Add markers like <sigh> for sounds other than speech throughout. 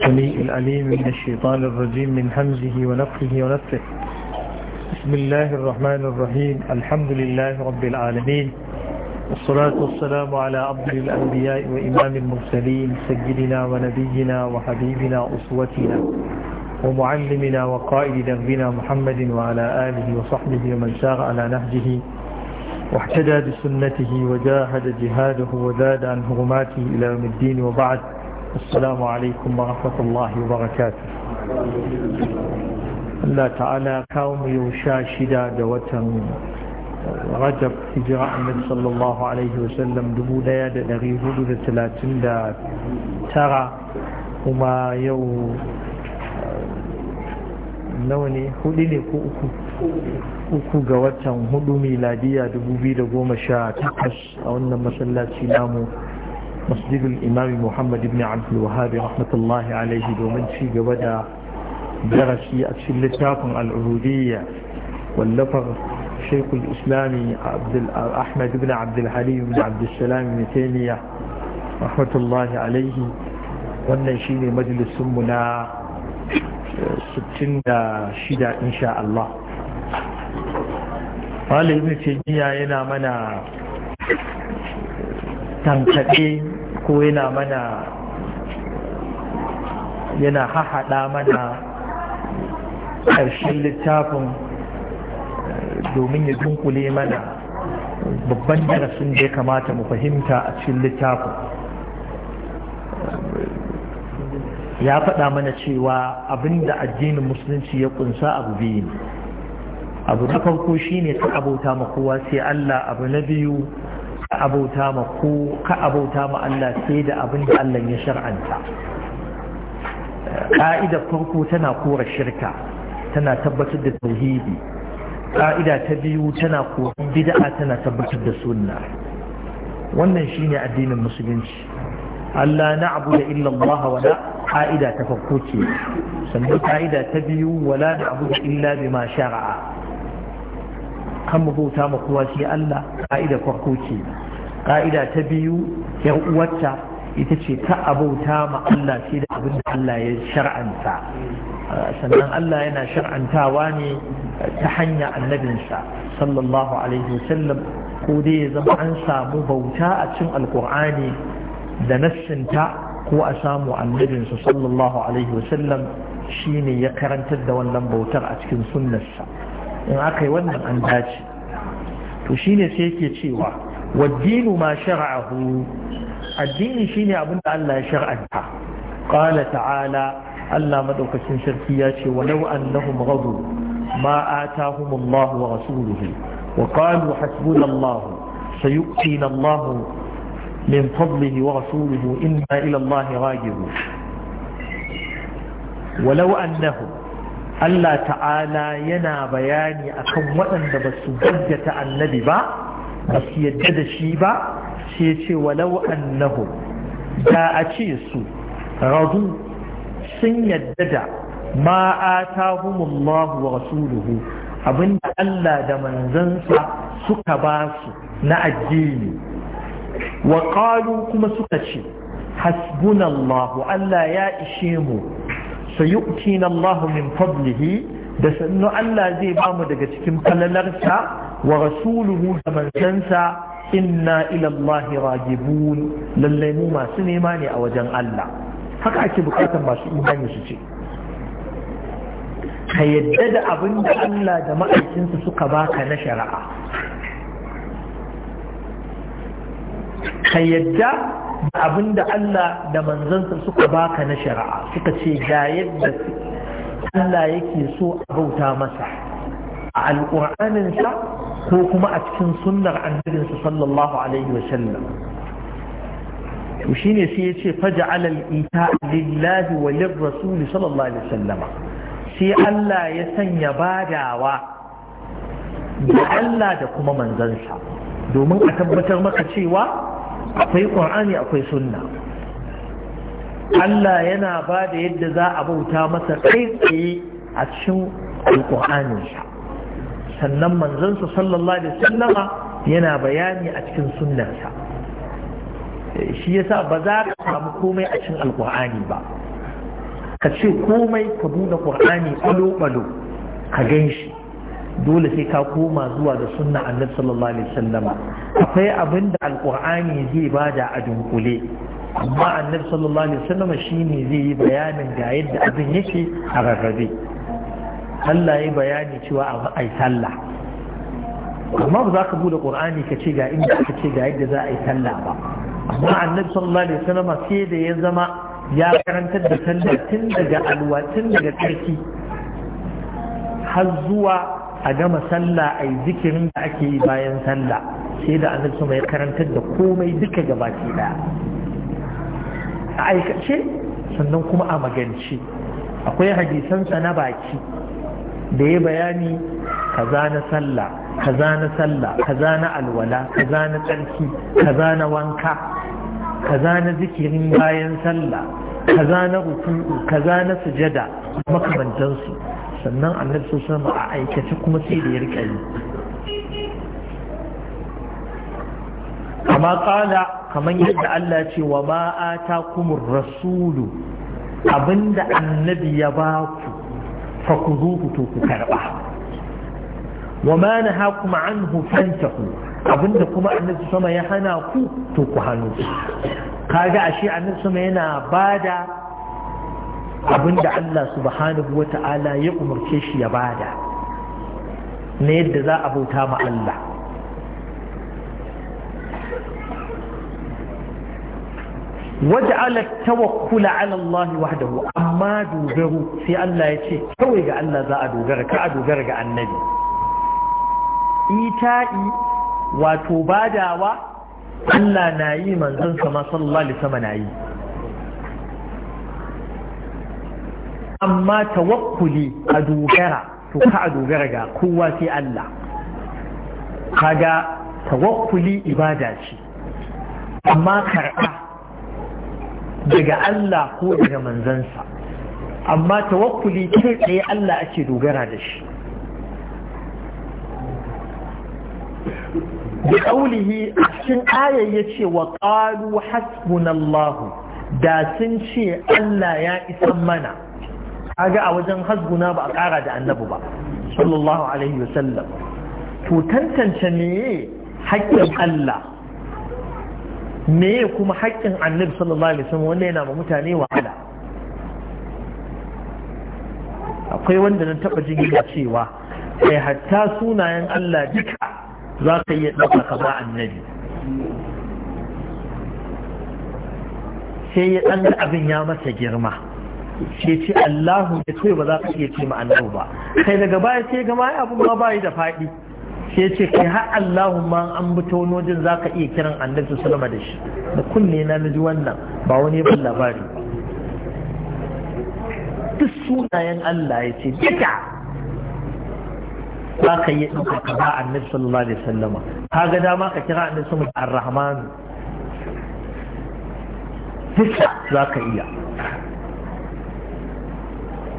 السميع الأليم من الشيطان الرجيم من همزه ونفخه ونفخه بسم الله الرحمن الرحيم الحمد لله رب العالمين والصلاة والسلام على عبد الأنبياء وإمام المرسلين سيدنا ونبينا وحبيبنا أسوتنا ومعلمنا وقائد دربنا محمد وعلى آله وصحبه ومن سار على نهجه واحتدى بسنته وجاهد جهاده وزاد عن هرماته إلى يوم الدين وبعد السلام عليكم ورحمة الله وبركاته Allah ta'ala kawo mu yau sha shida da watan uh, rajab hijira وسلم sallallahu alaihi wasallam dubu daya da dari hudu da talatin da tara kuma yau uh, hudu uku ga watan hudu miladiya dubu biyu sha takwas a wannan masallaci namu masjidin imami muhammad ibn abdul wahabi rahmatullahi alaihi domin ci gaba da darasi a cikin littafin al'urudiyya wallafar shaikul islami ahmad ibn abdul halim ibn abdul salam mitaniya rahmatullahi alaihi wannan shi ne majalisunmu na 66 insha Allah wale ibn taymiya yana mana tankaɗe ko yana mana yana hahaɗa mana ƙarshen littafin eh, domin ya dunkule mana babban darasin da ya kamata mu fahimta a cikin littafin eh, ya faɗa mana cewa abinda addinin musulunci ya kunsa abu biyu abu na farko shine ta abota ma kowa sai Allah abu na biyu ka abauta ma ko ka abauta ma Allah sai da abin da Allah ya shar'anta ka'idar farko tana kora shirka tana tabbatar da tauhidi ka'ida ta biyu tana koran bid'a tana tabbatar da sunna wannan shine addinin musulunci Allah na'budu illa Allah wa la ka'ida ta farko ce sannan ka'ida ta biyu wala na'budu illa bima shar'a kan ma bauta ma kowa shi Allah ka'ida farko ce ka'ida ta biyu yar uwarta ita ce ta abauta ma Allah sai da abin da Allah ya shar'anta sannan Allah yana shar'antawa ne ta hanya annabinsa sallallahu alaihi wasallam ko dai ya zama an samu bauta a cikin alkur'ani da nassinta ko a samu annabinsa sallallahu alaihi wasallam shine ya karantar da wannan bautar a cikin sunnarsa in aka yi wannan an dace to shine sai yake cewa waddinu ma shara'ahu addini shine abin da Allah ya shar'anta qala ta'ala Allah maɗaukacin sarki ya ce walau annahum ghadu ma atahum Allah wa rasuluhu wa qalu hasbuna Allah sayuqina Allah min fadlihi wa rasuluhu inna ila Allah raji'un walau annahum Allah ta'ala yana bayani akan waɗanda ba su gaggata annabi ba ba su yadda da shi ba sai ce walau annahu da a ce su radu sun yadda da ma atahumullahu wa rasuluhu abinda Allah da manzansa suka ba su na addini wa kuma suka ce hasbunallahu Allah ya ishe mu na Allah min fadlihi da sannu Allah zai ba mu daga cikin falalarsa wa rasuluhu da manzansa inna ila Allah ragibun lallai mu masu nema ne a wajen Allah haka ake bukatar masu imani su ce ka yadda da abin da Allah da ma'aikinsa suka baka na shari'a ka yadda da abin da Allah da manzansa suka baka na shari'a suka ce ga yadda Allah yake so a bauta masa a alƙur'aninsa ko kuma a cikin sunnar annabinsa sallallahu alaihi wa sallam to shine sai ya ce faja'al al-ita lillahi wa rasuli sallallahu alaihi wa sai Allah ya sanya badawa da Allah da kuma manzansa domin a tabbatar maka cewa akwai ƙur'ani akwai sunna Allah yana ba da yadda za a bauta masa kai tsaye a cikin alƙur'aninsa sannan manzansa sallallahu alaihi sallama yana bayani a cikin sunnarsa eh, shi yasa ba za ka samu komai a cikin alƙur'ani ba ka ce komai ka buɗe ƙur'ani ɓalo-ɓalo ka gan shi dole sai ka koma zuwa da sunna annabi sallallahu alaihi wasallam akwai abin da alqur'ani zai bada a dunkule amma annabi sallallahu alaihi wasallam shine zai yi bayanin ga yadda abin yake a rarrabe Allah ya bayani cewa a ai sallah amma ba za ka bude qur'ani ka ce ga inda ka ce ga yadda za a yi sallah ba amma annabi sallallahu alaihi wasallam sai da ya zama ya karantar da sallah tun daga alwatin daga karki har zuwa a gama sallah a yi zikirin da ake yi bayan sallah sai da annabi su ya karantar da komai duka gabaki daya a aikace sannan kuma a magance akwai hadisansa na baki da ya bayani kaza na sallah kaza na sallah kaza na alwala kaza na tsarki kaza na wanka kaza na zikirin bayan sallah kaza na ruku'u kaza na sujada makamantansu sannan annabi sun alaihi a aikace kuma sai da ya rika yi kama kala kamar yadda Allah ce wa ta kuma rasulu abinda annabi ya baku fa ku zo to ku karba wa ma nahakum anhu abinda kuma annabi sama ya hana ku to ku hannu kaga ashe annabi sama yana bada Abin da Allah subhanahu wa ta’ala ya umarce shi ya bada na yadda za a bauta ma Allah waj'ala tawakkula 'ala Allah wahdahu amma dogaro sai Allah ya ce kawai ga Allah za a dogara ka a dogara ga annabi ita'i wato badawa Allah na yi manzansa sama sallallahu alaihi wasallam na yi amma tawakkuli a dogara to ka a dogara ga kowa sai Allah kaga tawakkuli ibada ce amma karɓa daga Allah ko daga manzansa amma tawakkuli kai tsaye Allah ake dogara da shi da ƙaulihi a cikin ayar ya ce wa ƙalu hasbunallahu da sun ce Allah ya isan mana kaga a wajen hasguna ba a ƙara da annabi ba sallallahu alaihi wa sallam. to tantance ne haƙƙin Allah Me kuma haƙƙin annabi sallallahu alaihi wa sallam wanda yana ma mutane wahala akwai wanda na taɓa yana cewa kai hatta sunayen Allah duka za ka iya ɗauka kama annabi sai ya ɗan abin ya masa girma ke ce Allahu ya ce ba za ka iya ce ma'anar ba kai daga baya sai gama ya abu ma bayi da faɗi ke ce kai har Allahu ma an bi ta wani wajen za ka iya kiran annabi sallama da shi da kunne na naji wannan ba wani ban labari duk sunayen Allah ya ce duka za ka yi ɗauka ka ba annabi sallallahu alaihi sallama ka ga dama ka kira annabi sallallahu alaihi sallama ar-rahman duka za ka iya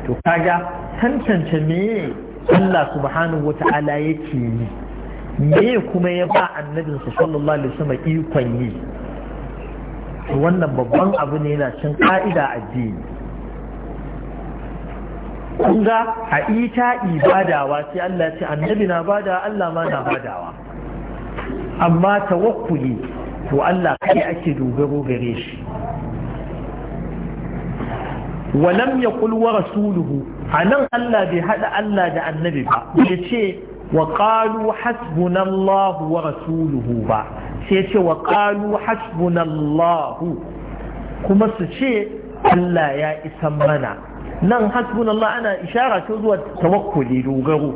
to kaga tantance me Allah subhanahu wa ta'ala yake yi me kuma ya ba annabinsa sallallahu alaihi wasallam ikon yi wannan babban abu ne yana cin ka'ida addini kun ga a ita ibadawa sai Allah ce annabi na bada Allah ma na badawa amma tawakkuli to Allah kai ake dogaro gare shi ولم يقل ورسوله أنا ألا بهذا ألا دع النبي يتشي وقالوا حسبنا الله ورسوله با يتشي وقالوا حسبنا الله كما سيتشي ألا يا إسمنا نعم حسبنا الله أنا إشارة تزوى توكلي دوغرو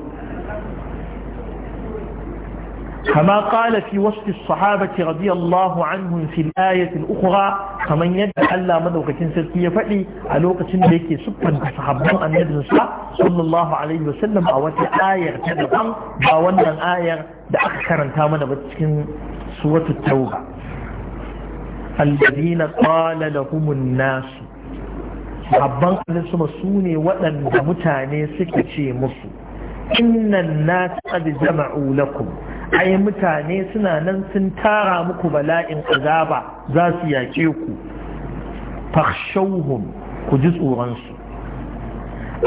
كما قال في وصف الصحابة رضي الله عنهم في الآية الأخرى كمن يدعى ألا مدوك تنسكي فأي ألوك تنسكي سبا صحابة أن يدرس صلى الله عليه وسلم أو آية تدقى باونا آية أكثر تامنا بتسكن سورة التوبة الذين قال لهم الناس abban alisuma su ne waɗanda mutane suke ce musu innan na taɗa jama'u lakum ai mutane suna nan sun tara muku bala'in azaba za su yake ku fakhshawhum ku ji tsoron tsoronsu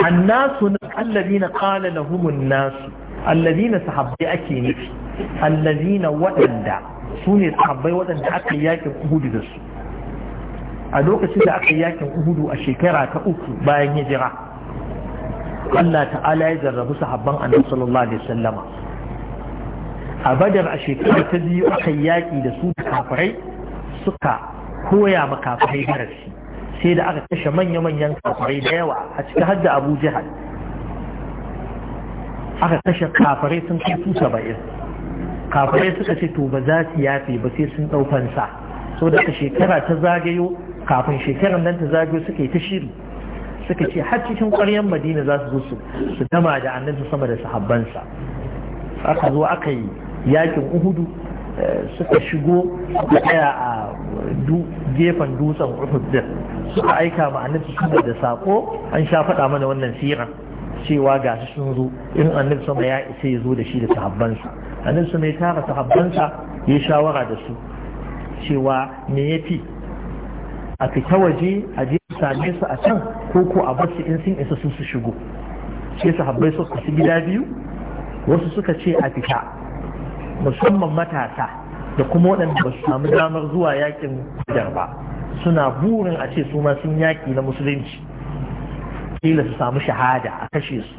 annasu na allazina qala lahumun nasu allazina sahabbai ake nufi allazina waɗanda su ne sahabbai waɗanda aka yi yakin uhudu da su a lokacin da aka yi yakin uhudu a shekara ta uku bayan hijira Allah ta'ala ya jarrabu sahabban annabi sallallahu alaihi wasallama a badar a shekara ta biyu aka yi yaƙi da su kafirai suka koya ma kafirai darasi sai da aka kashe manya-manyan kafirai da yawa a har da abu jihar aka kashe kafirai sun kai su saba'in kafirai suka ce to ba za su yafe ba sai sun ɗaukansa so da shekara ta zagayo kafin shekarar nan ta zagayo suka yi ta shiri suka ce har cikin ƙwaryar madina za su zo su dama da annabi sama da sahabbansa aka zo aka yi yakin uhudu eh, suka shigo da tsaya a gefen dutsen uhudu suka aika ma annabi da saƙo an sha faɗa mana wannan siran cewa ga su sun zo in annabi sama ya isa ya zo da shi da sahabbansa annabi sama ya tara sahabbansa ya shawara da su cewa me ya yafi a fita waje a je same su a can ko ko a bar su in sun isa su su shigo sai sahabbai suka su gida biyu wasu suka ce a fita musamman matasa da kuma waɗanda ba su samu damar zuwa yakin badar ba suna burin a ce su ma sun yaƙi na musulunci kila su samu shahada a kashe su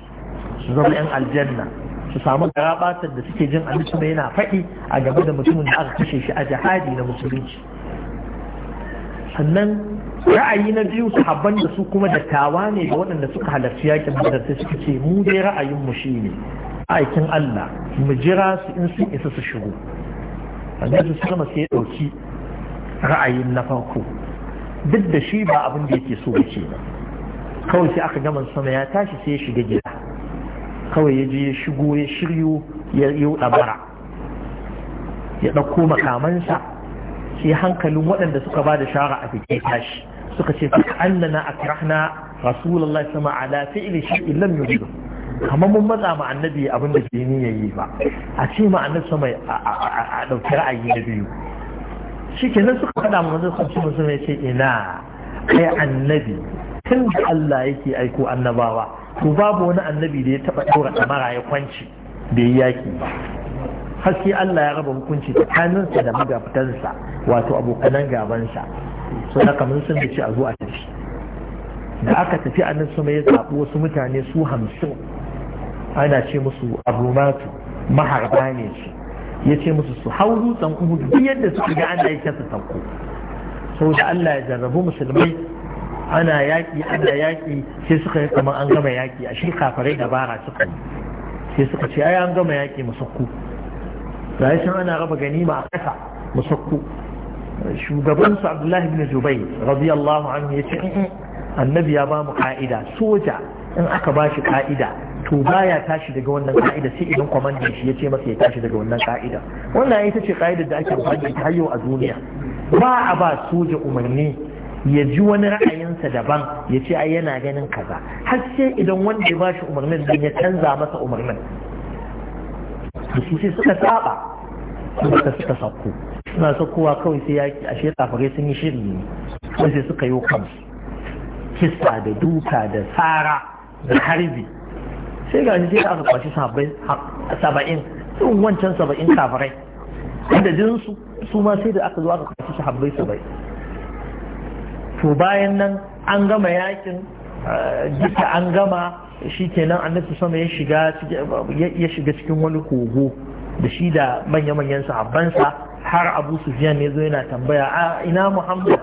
su zama 'yan aljanna su samu garabatar da suke jin amince mai yana faɗi a game da mutumin da aka kashe shi a jihadi na musulunci sannan ra'ayi na biyu su habban da su kuma dattawa ne da waɗanda suka halarci yakin badar sai suka ce mu dai ra'ayin mu shi ne. aikin Allah mu jira su in sun isa su shigo su sama sai ya dauki ra'ayin na farko duk da shi ba abin da yake so yake ba kawai sai aka gama sama ya tashi sai ya shiga gida kawai ya je ya shigo ya shiryo ya yi dabara ya ɗauko makamansa sai hankalin waɗanda suka ba da shara a fike tashi suka ce annana akrahna rasulullahi sama ala fi'li shay'in lam yuridu kamar mun matsa ma annabi abin da ke ya yi ba a ce ma annabi mai a ɗauki ra'ayi na biyu shi ke nan suka faɗa ma wanzu kwanci musu mai ce ina kai annabi tun da Allah yake aiko annabawa to babu wani annabi da ya taɓa ɗora ɗamara ya kwanci da ya yaki ba haske Allah ya raba hukunci tsakaninsa da magabtansa wato abokanan gabansa so da kamar sun ce a zuwa tafi da aka tafi annan nan ya zaɓi wasu mutane su hamsin ana ce musu arumatu maharba ne shi ya ce musu su hau dutsen uhudu duk yadda suka ga ana yi kasa sauko da Allah ya jarrabu musulmai ana yaƙi ana yaƙi sai suka yi kamar an gama yaƙi a shi kafarai dabara suka yi sai suka ce ai an gama yaƙi musakku ga sun ana raba ganima a ƙasa musakku shugaban su Abdullahi bin Zubai radiyallahu anhu ya ce annabi ya ba mu ka'ida soja in aka ba shi ka'ida to baya tashi daga wannan ka'ida sai idan kwamandan shi ya ce masa ya tashi daga wannan ka'ida wannan ita ce ka'idar da ake amfani ta ita a duniya ba a ba soja umarni ya ji wani ra'ayinsa daban ya ce ai yana ganin kaza har sai idan wanda ya bashi umarnin din ya canza masa umarnin da su sai suka saba suka suka sakko suna kowa kawai sai yaki a shi sun yi shiri ne sai suka yi kansu kisa da duka da tsara da harbi sai ga sai aka kwashi saba'in sun wancan saba'in kafirai inda jinsu su ma sai da aka zo aka kwashi sahabbai saba'in to bayan nan an gama yakin eh, duka an gama shi kenan annabi sama ya shiga ya shiga cikin wani kogo da shi da manya-manyan sahabbansa har abu ziyar ne zo yana tambaya a ina muhammad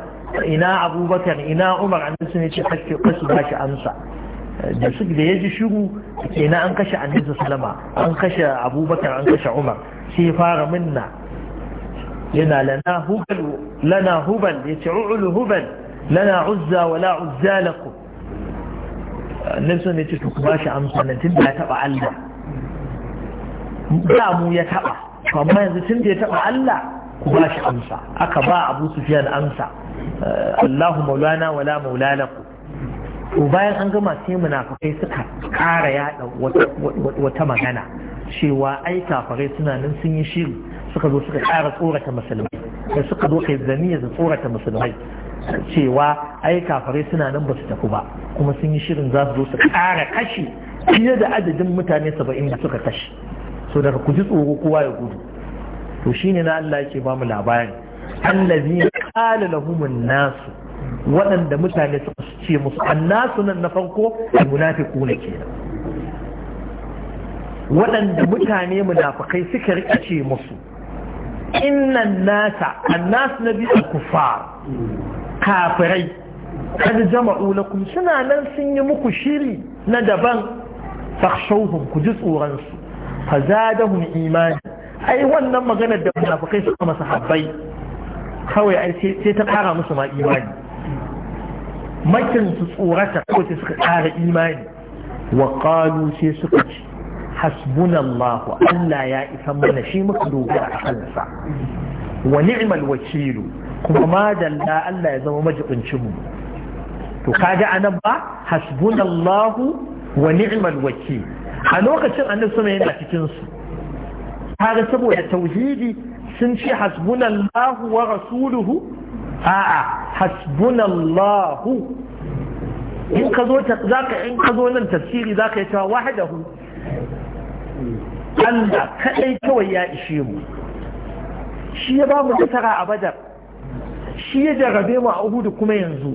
ina abubakar ina umar annabi sun ce kasu ba shi amsa da su da ya ji shiru kenan an kashe annabi sallama an kashe abubakar an kashe umar sai fara minna yana lana hubal lana hubal yace u'ul hubal lana uzza wala uzza lakum annabi sun ce to kuma shi amsa nan tun da ya taba Allah da mu ya taba amma yanzu tun da ya taba Allah ku ba shi amsa aka ba Abu Sufyan amsa Allahu maulana wala maulalakum to bayan an gama sai munafikai suka kara yada wata magana cewa ai kafarai suna nan sun yi shiri suka zo suka kara tsorata musulmai da suka zo kai zaniya da tsorata musulmai cewa ai kafarai suna nan ba su tafi ba kuma sun yi shirin za su zo su kara kashi fiye da adadin mutane saba'in da suka kashi so daga ku ji tsoro kowa ya gudu to shine na Allah yake ba mu labarin allazi qala lahumun nasu waɗanda mutane suka ce musu annasu nan na farko almunafiqu ne kenan waɗanda mutane munafikai suka rika ce musu innan nasa annasu na biyu kufa kafirai kad jama'u na suna nan sun yi muku shiri na daban fakhshawhum ku ji tsoron fa zadahum imani ai wannan maganar da munafikai suka masa habbai kawai ai sai ta kara musu ma imani makin su tsorata ko sai suka ƙara imani wa qalu sai suka ce hasbunallahu Allah ya isa mana shi muka dogara a kansa wa ni'mal wakilu kuma ma dalla Allah ya zama majibincin mu to kaga anan ba hasbunallahu wa ni'mal wakil a lokacin annabi sama yana cikin su kaga saboda tauhidi sun ce hasbunallahu wa rasuluhu a'a hasbunallahu in ka zo zaka in ka zo nan tafsiri zaka yi cewa wahdahu Allah kadai kawai ya ishe mu shi ya ba mu nasara a badar shi ya jarabe mu a uhudu kuma yanzu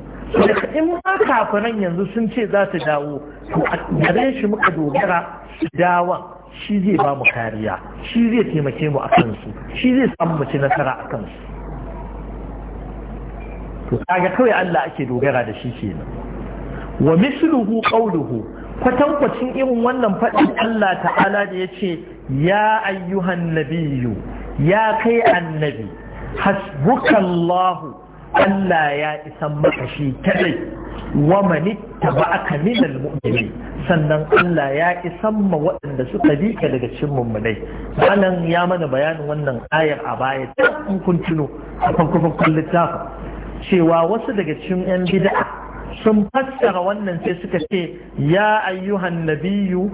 in ma kafiran yanzu sun ce za su dawo to gare shi muka dogara su dawan shi zai ba mu kariya shi zai taimake mu a kansu shi zai samu nasara a kansu to kaga kawai Allah ake dogara da shi kenan wa misluhu qawluhu kwatankwacin irin wannan faɗin Allah ta'ala da yace ya ayyuhan nabiyyu ya kai annabi hasbukallahu Allah ya isan maka shi kadai wa manittaba'aka min almu'minin sannan Allah ya isan ma waɗanda suka bi daga cikin mummunai malam ya mana bayanin wannan ayar a baya ta kun tuno a cewa wasu daga cikin 'yan bid'a sun fassara wannan sai suka ce ya ayyuhan nabiyyu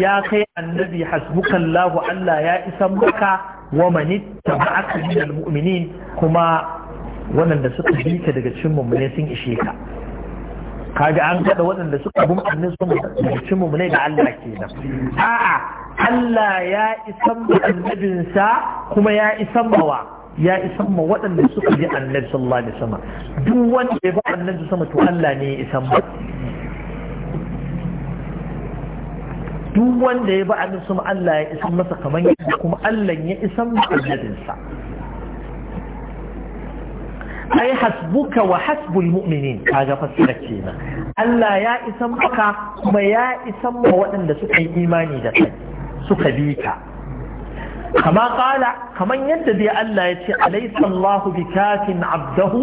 ya kai annabi hasbukallahu Allah ya isan maka wa manitta tabaka min almu'minin kuma waɗanda suka bi ka daga cikin mummune sun ishe ka kaga an kada waɗanda suka bi annabi sun daga cikin mummune da Allah kenan a'a Allah ya isan annabinsa kuma ya isan bawa ya isan ma waɗanda suka ji annabi sallallahu alaihi wasallam duk wanda ya ba annabi sama to Allah ne ya isan ba duk wanda ya ba annabi sama Allah ya isan masa kamar yadda kuma Allah ya isan ma annabinsa ai hasbuka wa hasbul mu'minin kaga fasira kenan Allah ya isan maka kuma ya isan ma waɗanda suka yi imani da kai suka bi ka kama kala kaman yadda dai Allah ya ce alaysa Allahu bikafin abdahu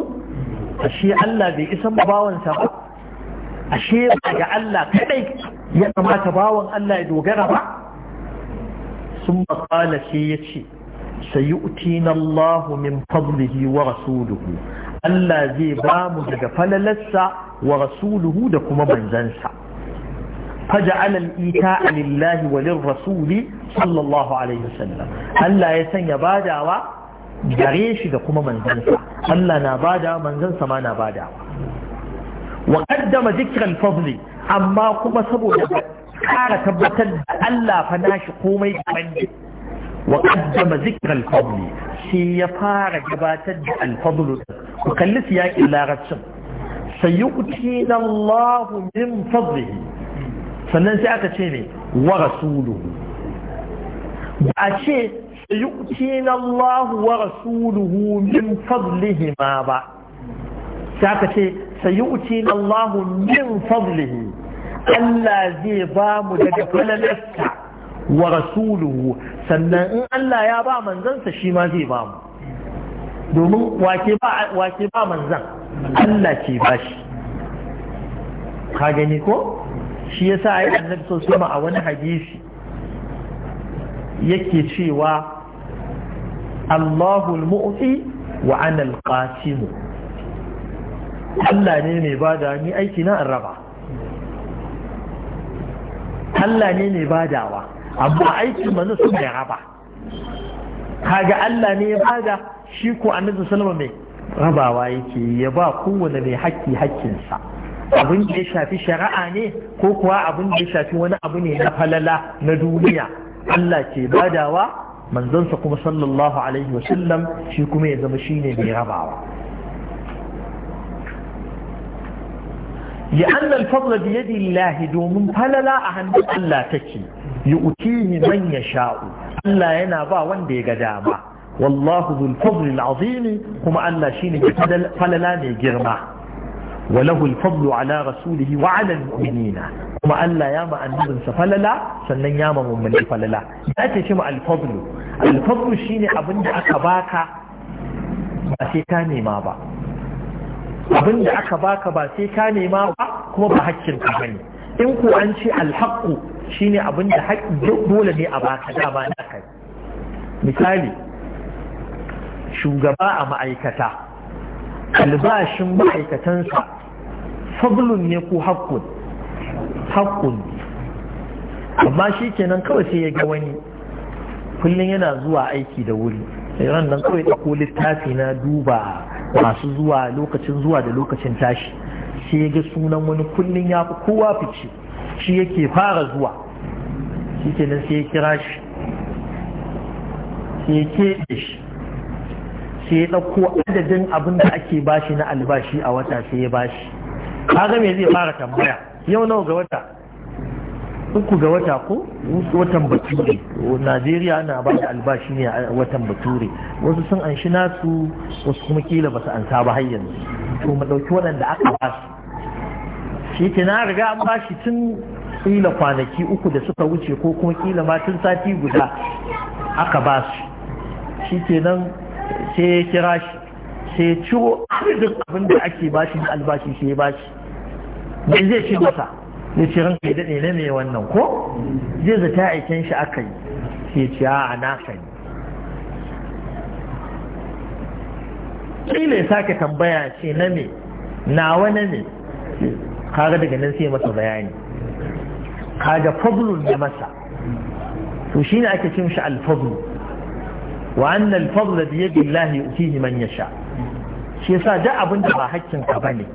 ashe Allah bai isa bawansa ba ashe ga Allah kadai ya kamata bawan Allah ya dogara ba sun makala sai ya ce sayu'tina Allahu min fadlihi wa rasuluhu Allah zai bamu daga falalarsa wa rasuluhu da kuma manzansa فجعل الإيتاء لله وللرسول صلى الله عليه وسلم ألا يسن بادعوا جريش دقم من زنسا ألا نبادع من زنسا ما نبادع وقدم ذكر الفضل أما كما سبو قال تبتل ألا فناش قومي مني وقدم ذكر الفضل سيفار جباتد الفضل وقلت يا إلا رسم سيؤتينا الله من فضله sannan sai aka ce ne wa rasuluhu ba a ce sayu'tina Allahu wa rasuluhu min fadlihi ma ba sai aka ce uci Allahu min fadlihi Allah zai ba mu daga falalarsa wa rasuluhu sannan in Allah ya ba manzansa shi ma zai ba mu domin wake ba manzan Allah ce ba shi ka gani ko shi yasa ai annabi sallallahu a wani hadisi yake cewa Allahul mu'ti wa ana al-qasim Allah ne mai bada ni aiki na raba Allah ne mai badawa amma aiki manzo sun mai raba kaga Allah ne ya bada shi ko annabi sallallahu alaihi wasallam mai rabawa yake ya ba kowanne mai haƙƙi haƙƙinsa abin da ya shafi shari'a ne ko kuwa abin da ya shafi wani abu ne na falala na duniya Allah ke badawa manzonsa kuma sallallahu alaihi wasallam shi kuma ya zama shine mai rabawa ya an alfadla biye lillahi domin falala a hannun Allah take yi uki man ya sha'u Allah yana ba wanda ya ga dama wallahu zulfadlil azimi kuma Allah shine falala mai girma وله الفضل على رسوله وعلى المؤمنين كما ألا ياما أنبن سفللا سنن ياما ممن فللا ذات شمع الفضل الفضل شيني أبن أكباك باسيكاني ما با أبن أكباك باسيكاني ما با كما بحكين كماني إنكو أنشي الحق شيني أبن حق دولني أباك داما ناكي مثالي شو جماعة مأيكتا albashin ma'aikatansa fadlun ne ko haƙƙun haƙƙun amma shi kenan kawai sai ya ga wani kullum yana zuwa aiki da wuri ran nan kawai ɗauko littafi na duba masu zuwa lokacin zuwa da lokacin tashi sai ya ga sunan wani kullum ya fi kowa fice shi yake fara zuwa shi kenan sai ya kira shi sai ya keɓe shi sai ya ɗauko adadin abin da ake bashi na albashi a wata sai ya bashi kaga me zai fara tambaya yau nawa ga wata uku ga wata ko watan bature najeriya na ba da albashi ne a watan bature wasu sun anshi nasu wasu kuma kila ba su ansa ba har yanzu to mu ɗauki waɗanda aka ba su shi ke na riga an bashi tun kila kwanaki uku da suka wuce ko kuma kila ma tun sati guda aka ba su shi kenan sai ya kira shi sai ya ciro duk abin da ake bashi na albashi sai ya bashi ne zai ce masa ya ce ranka ya daɗe na mai wannan ko zai zata aikin shi aka yi sai ya ce a na ka yi. kila ya sake tambaya ce na mai na wani me kaga daga nan sai masa bayani kaga fablun ya masa to shine ake cin shi alfablu wa annal fadla bi yadi Allah yu'tihi man yasha shi yasa duk abin da ba hakkin ka bane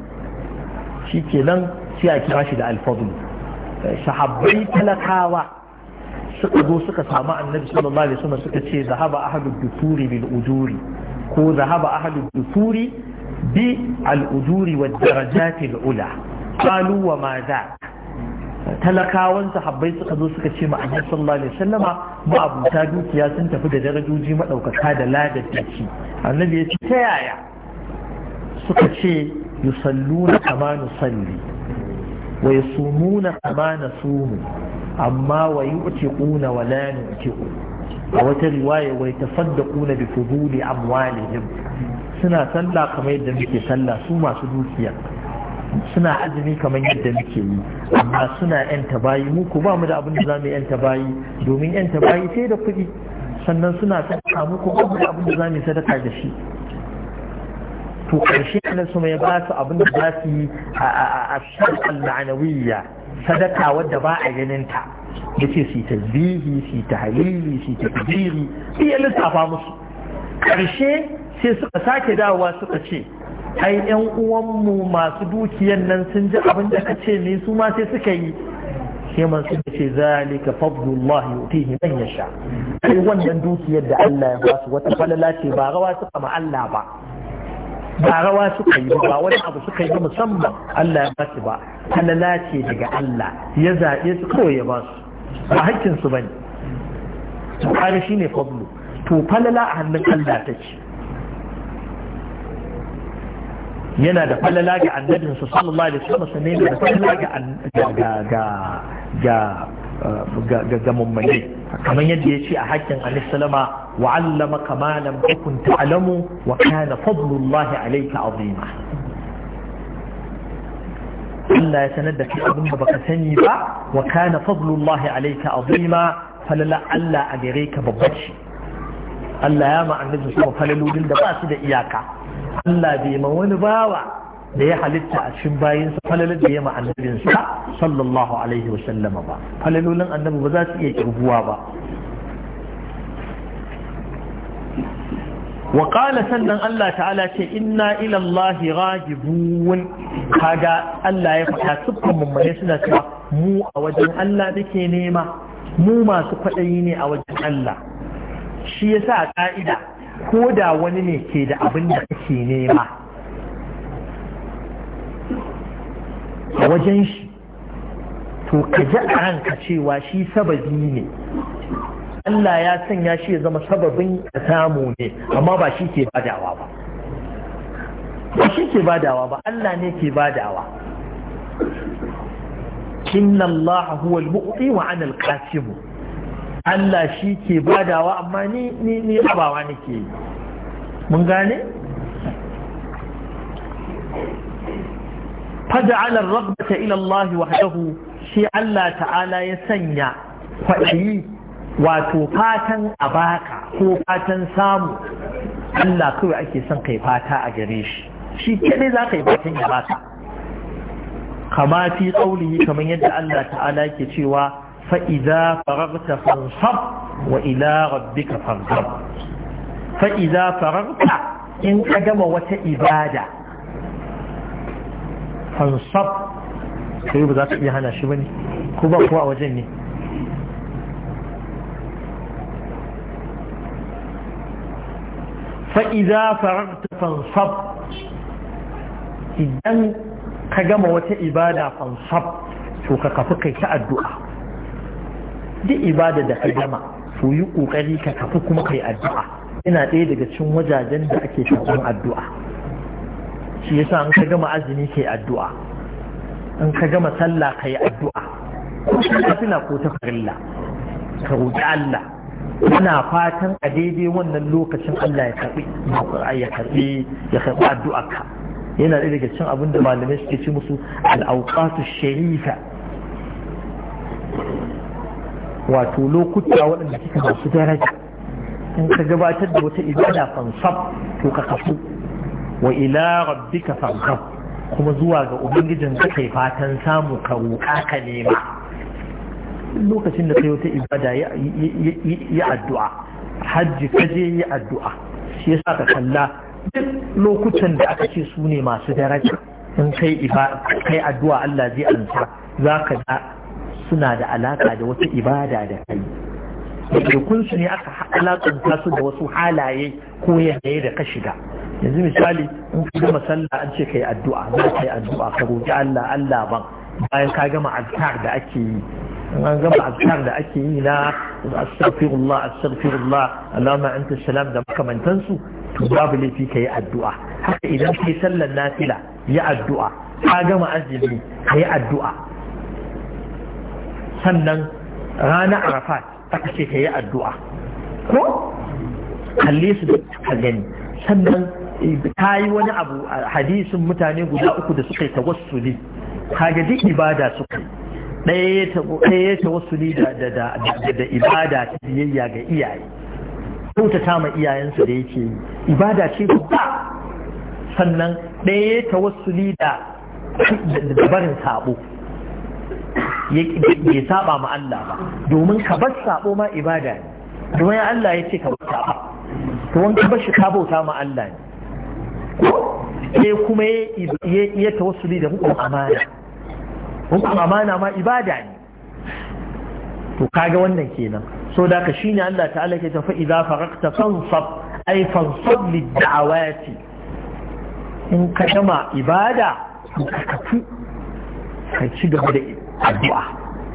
shikenan sai a kira shi da al-fadl sahabbai talakawa suka zo suka samu annabi sallallahu alaihi wasallam suka ce zahaba ahadu duturi bil ujuri ko zahaba ahadu duturi bi al ujuri wad darajati al ula qalu wa maza. talakawan sahabbai suka zo suka ce ma'anar sallallahu alaihi sallama ma'abuta dukiya sun tafi da darajoji maɗaukaka da ladar daki annabi ya ce ta yaya suka ce yusalluna kama nusalli wa yasumuna kama nasumu amma wa yu'tiquna wa la nu'tiqu a wata riwaya wa yatasaddaquna bi fuduli amwalihim suna sallah kamar yadda muke sallah su masu dukiya suna azumi kamar yadda muke yi amma suna yan tabayi mu ku ba mu da abin da za mu yan bayi, domin yan bayi sai da kuɗi sannan suna sadaka mu ku ba mu da abin da za mu sadaka da shi to ƙarshe na su mai ba su abin da za su yi a shaɗin ma'anawiyya sadaka wadda ba a ganin ta ya ce su yi tasbihi su yi tahalili su yi takbiri iya lissafa musu ƙarshe sai suka sake dawowa suka ce ai yan uwanmu masu dukiyan nan sun ji abin da ka ce ne su ma sai suka yi sai man sun ce zalika fadlullah yutihi man yasha ai wannan dukiyar da Allah ya ba su wata falala ce ba rawa suka ma Allah ba ba rawa suka yi ba wani abu suka yi musamman Allah ya ba ba falala ce daga Allah ya zaɓe su kawai ya ba su ba hakkin su bane to kare shine fadlu to falala a hannun Allah ce. yana da falala ga annabinsa sallallahu alaihi wasallam sannan da falala ga ga ga ga mummai kamar yadda ya ce a hakkin alaihi salama wa allama kama lam takun ta'lamu wa kana fadlullahi alayka azima Allah ya sanar da kai abin da baka sani ba wa kana fadlullahi alayka azima falala Allah a gare ka babbaci Allah ya ma annabi sallallahu alaihi wasallam falalolin da ba su da iyaka Allah bai ma wani bawa da ya halitta a cikin bayinsa falalin da ya ma annabinsa sallallahu alaihi wa sallama ba falalolin annabi ba za su iya kirguwa ba wa qala sannan Allah ta'ala ce inna ila Allah ragibun kaga Allah ya faɗa sukan mummune suna cewa mu a wajen Allah dake nema mu masu kwaɗayi ne a wajen Allah shi yasa a ka'ida ko da wani ne ke da abin da kake nema a wajen shi to ka ji a ranka cewa shi sababi ne Allah ya sanya shi ya zama sababin ka samu ne amma ba shi ke badawa ba ba shi ke badawa ba Allah ne ke badawa inna Allah huwa al-mu'ti wa ana al-qasim Allah shi ke badawa amma ni ni ni abawa nake yi mun gane faja'ala ar-rabbata ila Allah wahdahu shi Allah ta'ala ya sanya kwaɗayi wato fatan abaka ko fatan samu Allah kawai ake son kai fata a gare shi shi kadai za ka yi fatan ya baka fi qaulihi kamar yadda Allah ta'ala ke cewa فإذا فرغت فانصب وإلى ربك فانصب فإذا فرغت إن كجم وتعبادة فانصب كيف ذات إيها ناشبني كوبا قوى وزني فإذا فرغت فانصب إذن كجم وتعبادة فانصب شوكك فقه تأدوها duk ibada da ka gama to yi kokari ka tafi kuma kai addu'a ina ɗaya daga cikin wajajen da ake karɓar addu'a shi yasa an ka gama azumi kai addu'a in ka gama sallah kai addu'a ko ko ta farilla ka roƙi Allah ana fatan a daidai wannan lokacin Allah ya karɓi ya karɓi ya karɓi ka. yana ɗaya daga cikin abin da malamai suke ci musu al-awqatu sharifa wato lokuta waɗanda kika masu daraja in ka gabatar da wata ibada fansab to ka kafu wa ila rabbika fansab kuma zuwa ga ubangijin ka kai fatan samu ka roƙa ka nema lokacin da kai wata ibada ya addu'a hajji ka je yi addu'a shi yasa ka kalla duk lokutan da aka ce su ne masu daraja in kai addu'a Allah zai ansa za ka suna da alaka da wata ibada da kai ɗaiɗaikunsu ne aka alakanta su da wasu halaye ko yanayi da ka shiga yanzu misali in ka gama sallah an ce kai addu'a na ka yi addu'a ka roƙi Allah Allah ban bayan ka gama azkar da ake yi in an gama azkar da ake yi na astaghfirullah astaghfirullah allahumma anta salam da makamantansu to babu laifi ka yi addu'a haka idan kai sallar nafila yi addu'a ka gama azumi ka yi addu'a sannan rana arafat aka ce ta yi addu'a ko kalli su da gani sannan eh, ta yi wani abu hadisin mutane guda uku da suka yi ta wasu tawassuli kaga duk ibada suka ɗaya ya tawassuli da ibada ta biyayya ga iyaye ta ma iyayensu da yake yi ibada ce ba sannan ɗaya ya tawassuli da barin sabo bai saba ma Allah ba domin ka bar sabo ma ibada ne domin Allah ya ce ka bar saba to wanda bar shi ka bauta ma Allah ne sai kuma ya tawassuli da hukun amana hukun amana ma ibada ne to kaga wannan kenan so da ka shine Allah ta'ala ke tafi idza faraqta fansab ay fansab lid da'awati in ka gama ibada to ka tafi ka ci gaba da addu'a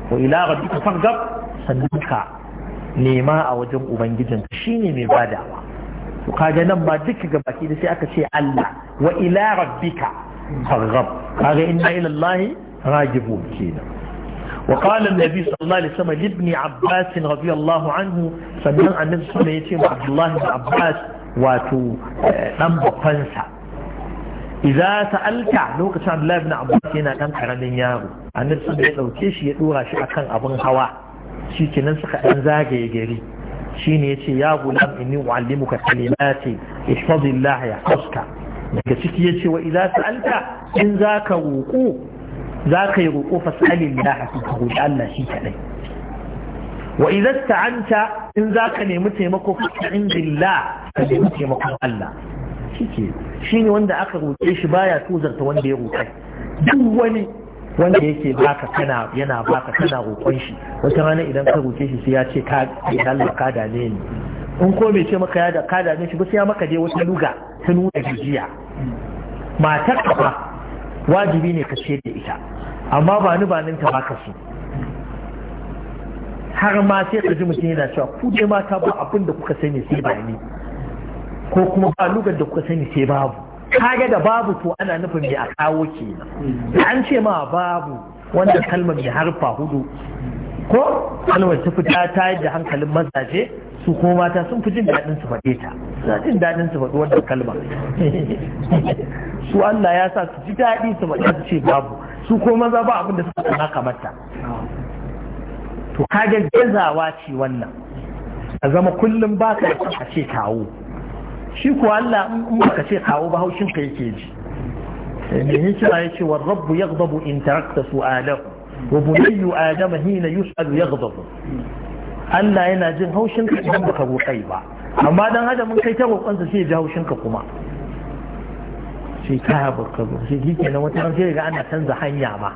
ko ila rabbika farghab nema a wajen ubangijin ka shine mai badawa kaga nan ba duka ga baki da sai aka ce Allah wa ila rabbika farghab kaga inna ila Allah rajibu kenan wa qala an-nabi sallallahu alaihi wasallam li ibn Abbas radiyallahu anhu sannan annabi sallallahu alaihi wasallam ya ce Abdullah ibn wato eh, dan bafansa idza sa'alta lokacin Abdullah ibn Abbas yana dan karamin yaro annabi sun ya dauke shi ya dora shi akan abin hawa shi kenan suka dan zagaye gari shine yace ya gulam inni uallimuka kalimati ya yahfazka daga ciki yace wa idza sa'alta in zaka ruku zaka yi ruku fas'alillah ka Allah shi kadai wa idza sta'anta in zaka nemi taimako fa'in billah ka nemi taimakon Allah shi shine wanda aka roƙe shi baya tuzarta wanda ya roƙe duk wani wanda yake baka kana yana baka kana roƙon shi wata rana idan ka roƙe shi sai ya ce ka Allah ka dame ni in ko me ce maka ya da ka dame shi ba sai ya maka dai wata luga ta nuna jijiya matar ka ba wajibi ne ka ce da ita amma ba ni ba nan ta baka su har ma sai ka ji mutum yana cewa ku dai mata ba abin da kuka sani sai ba ni ko kuma ba lugar da kuka sani sai babu kaga da babu to ana nufin mai a kawo kenan da an ce ma babu wanda kalmar mai harfa hudu ko kalmar ta fita ta yi da hankalin mazaje su ko mata sun fi jin daɗin su faɗe ta suna jin daɗin su faɗi wannan kalmar <laughs> su Allah ya sa su ji daɗi su faɗi su ce babu su ko maza ba abin da suka tsana kamar ta to kaga gazawa ce wannan a zama kullum ba ka a ce kawo shi ko Allah in baka ce kawo ba haushin ka yake ji ne eh, hikima ya ce Rabbu ya gbabu in tarakta su adam wa bunayyu adama hina yus'al ya gbabu Allah yana jin haushin ka idan baka kai ba amma dan mun kai ta sa sai ya ji haushin ka kuma sai ka baka ba sai kike nan wata sai ga ana canza hanya ma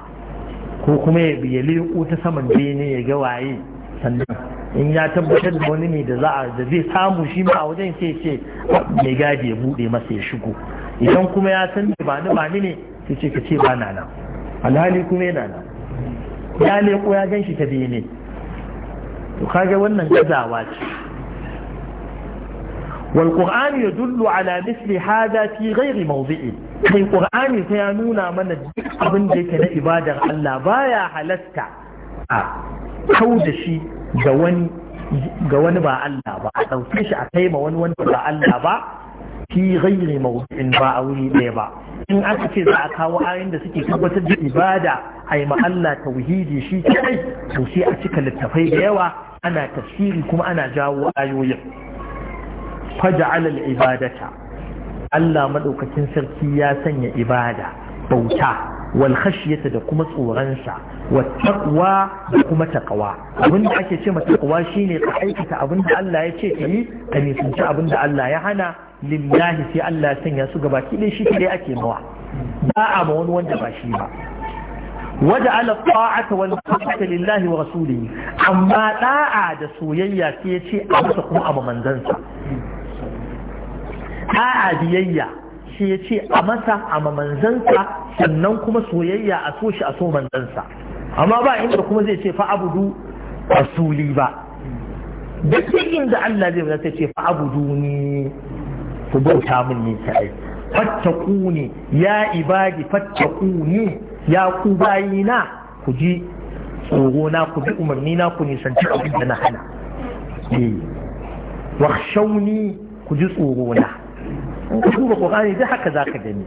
ko kuma ya leƙo ta saman bene ya ga waye sannan in ya tabbatar da wani ne da za a da zai samu shi ma a wajen sai ce mai gadi ya buɗe masa ya shigo idan kuma ya san ba ni ba ni ne sai ce ka ce ba na nan alhali kuma yana nan ya leko ya gan shi ta bene to kaga wannan gazawa ce wal qur'an yadullu ala misli hada fi ghairi mawdi'i kai qur'ani sai ya nuna mana duk abin da yake na ibadar Allah baya halatta a kau da shi ga wani ga wani ba Allah ba a ɗauke shi a kai ma wani wanda ba Allah ba fi ghairi mawdu'in ba a wuri ɗaya ba in aka ce za a kawo ayoyin da suke tabbatar da ibada ai ma Allah tauhidi shi kai to sai a cika littafai da yawa ana tafsiri kuma ana jawo ayoyin faj'al al-ibadata Allah madaukakin sarki ya sanya ibada bauta wal da kuma tsoron sa wa da kuma takawa abin da ake ce ma taqwa shine ka aikata abin da Allah ya ce yi ka nisanci abin da Allah ya hana lillahi sai Allah ya sanya su gaba kidai shi kidai ake mawa ba a ma wani wanda ba shi ba وجعل الطاعة والمحبة da soyayya أما طاعة دا سويا تيشي a أما من دنسا طاعة biyayya. shi ya ce a masa a mamanzansa sannan kuma soyayya a so shi a so manzansa amma ba inda kuma zai ce fa'abudu rasuli ba duk inda Allah zai zata ce fa'abudu ni ku bauta min ni Fattaku ne ya ibadi ne ya ku bayina ku ji tsoro ku bi umarni na ku nisanci abin da na hana eh, wa ku ji tsoro na in ka duba qur'ani da haka zaka gani